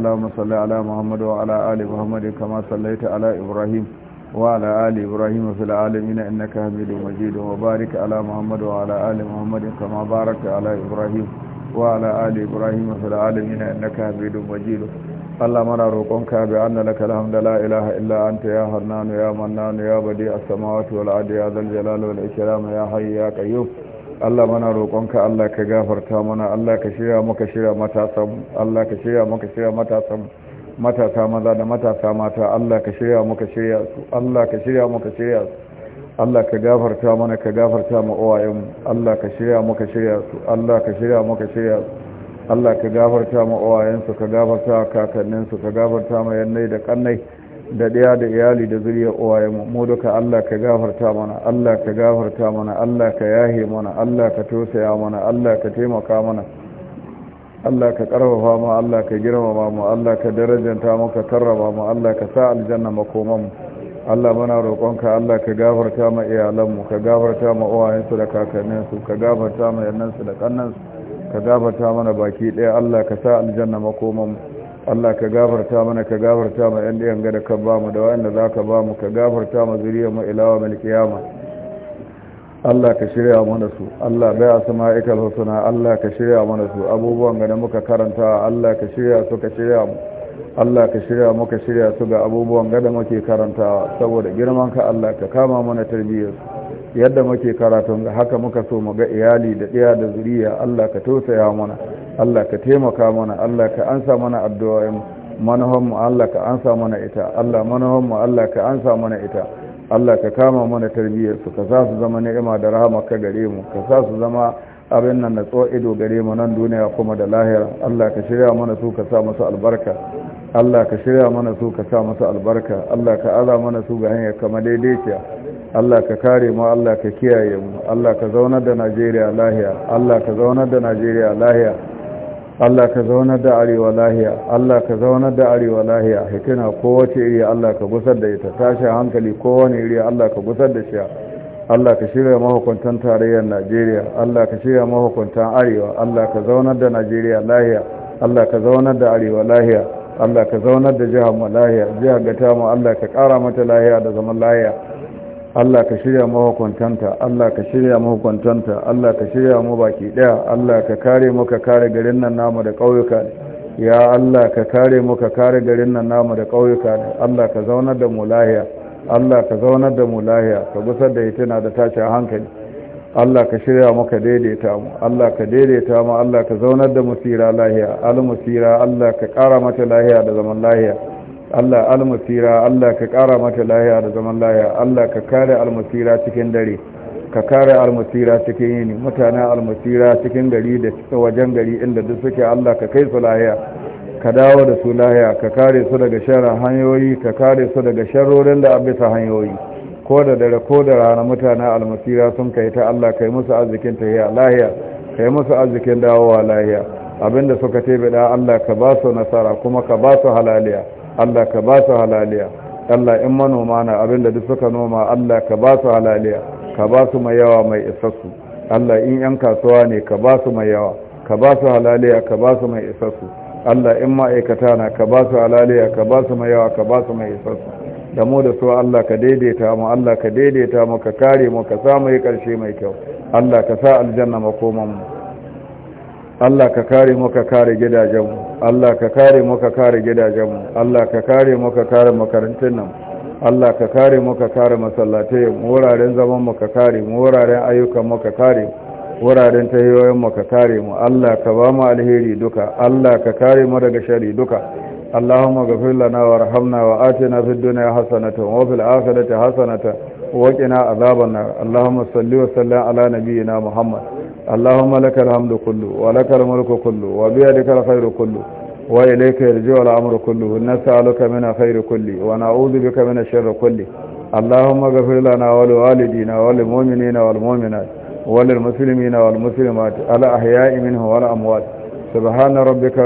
اللهم صل على محمد وعلى آل محمد كما صليت على إبراهيم وعلى آل إبراهيم في العالمين إنك حميد مجيد وبارك على محمد وعلى آل محمد كما باركت على إبراهيم وعلى آل إبراهيم في العالمين إنك حميد مجيد اللهم انا روقك بأن لك الحمد لا إله إلا أنت يا حنان يا منان يا بديع السماوات والأرض يا ذا الجلال والإكرام يا حي يا قيوم Allah mana roƙonka Allah ka gafarta mana Allah ka shirya muka shirya matasan Allah ka shirya muka shirya matasan matasa maza da matasa mata Allah ka shirya muka shirya su Allah ka shirya muka shirya su Allah ka gafarta mana ka gafarta mu uwayen Allah ka shirya muka shirya su Allah ka shirya muka shirya su Allah ka gafarta mu uwayen su ka gafarta kakannin su ka gafarta mu yannai da kannai da ɗaya da iyali da zuriya uwaye mu duka Allah ka gafarta mana Allah ka gafarta mana Allah ka yahe mana Allah ka tosaya mana Allah ka taimaka mana Allah ka karfafa mu Allah ka girmama mu Allah ka darajanta mu ka karrama mu Allah ka sa aljanna makoman mu Allah muna roƙonka Allah ka gafarta ma mu, ka gafarta ma uwayensu da kakanninsu ka gafarta ma yannansu da kannansu ka gafarta mana baki ɗaya Allah ka sa aljanna makoman mu Allah ka gafarta mana ka gafarta ma yan diyan gada ka bamu da wayanda za ka bamu ka gafarta ma zuriyar mu ilawa mil kiyama Allah ka shirya mana su Allah bai a sama ikal husna Allah ka shirya mana su abubuwan ga da muka karanta Allah ka shirya su ka shirya mu Allah ka shirya mu ka shirya su ga abubuwan gada muke karantawa saboda girman ka Allah ka kama mana tarbiyyar yadda muke karatun haka muka so mu ga iyali da ɗiya da zuriya Allah ka tausaya mana Allah ka taimaka mana Allah ka ansa mana addu'o'in manahon mu Allah ka ansa mana ita Allah manahon Allah ka ansa mana ita Allah ka kama mana tarbiyyar su ka sa su zama ni'ima da rahama ka gare mu ka sa su zama abin nan na tso ido gare mu nan duniya kuma da lahira Allah ka shirya mana su ka sa musu albarka Allah ka shirya mana su ka sa musu albarka Allah ka ala mana su ga hanyar kamar daidaiciya Allah ka kare mu Allah ka kiyaye mu Allah ka zaunar da Najeriya lahiya Allah ka zaunar da Najeriya lahiya Allah ka zaunar da arewa lahiya Allah ka zaunar da arewa lahiya hikina kowace iri Allah ka gusar da ita tashi hankali kowane iri Allah ka gusar da shi Allah ka shirya mahukuntan tarayyar Najeriya Allah ka shirya mahukuntan arewa Allah ka zaunar da Najeriya lahiya Allah ka zaunar da arewa lahiya Allah ka zaunar da jihar mu lahiya jihar gata mu Allah ka kara mata lahiya da zaman lahiya Allah ka shirya mahukuntanta Allah ka shirya mahukuntanta Allah ka shirya mu baki daya Allah ka kare mu ka kare garin nan namu da ƙauyuka ya Allah ka kare mu ka kare garin nan namu da ƙauyuka Allah ka zaunar da mu lahiya Allah ka zaunar da mu lahiya ka gusar da na da tashin hankali Allah ka shirya mu ka daidaita mu Allah ka daidaita mu Allah ka zaunar da mu tsira lahiya al musira Allah ka kara mata lahiya da zaman lahiya Allah almasira Allah ka kara mata lahiya da zaman lahiya Allah ka kare almasira cikin dare ka kare almasira cikin yini mutane almasira cikin gari da wajen gari inda duk suke Allah ka kai su lahiya ka dawo da su lahiya ka kare su daga sharar hanyoyi ka kare su daga sharorin da abisa hanyoyi ko da dare ko da rana mutane almasira sun kai ta Allah kai musu arzikin tahiya lahiya kai musu arzikin dawo wa lahiya abinda suka tebe da Allah ka ba su nasara kuma ka ba su halaliya Allah ka ba su halaliya Allah in manoma na abin da duk suka noma Allah ka ba su halaliya ka ba su mai yawa mai isassu Allah in yan kasuwa ne ka ba su mai yawa ka ba su halaliya ka ba su mai isassu Allah in ma'aikata na ka ba su halaliya ka ba su mai yawa ka ba su mai isassu da mu da su Allah ka daidaita mu Allah ka daidaita mu ka kare mu ka samu yi karshe mai kyau Allah ka sa aljanna makoman mu Allah ka kare mu ka kare gidajenmu Allah ka kare mu ka kare gidajenmu Allah ka kare mu ka kare makarantun nan Allah ka kare mu ka kare masallatai mu wuraren zaman mu ka kare mu wuraren ayyukan mu ka kare wuraren tahiyoyin mu ka kare mu Allah ka ba mu alheri duka Allah ka kare mu daga shari duka Allahumma ghfir lana warhamna wa atina fid dunya hasanatan wa fil akhirati hasanatan wa qina adhaban nar Allahumma salli wa sallim ala nabiyyina Muhammad اللهم لك الحمد كله ولك الملك كله وبيدك الخير كله وإليك يرجع الأمر كله نسألك من خير كله ونعوذ بك من الشر كله اللهم اغفر لنا ولوالدينا وللمؤمنين والمؤمنات وللمسلمين والمسلمات الأحياء منه والأموات سبحان ربك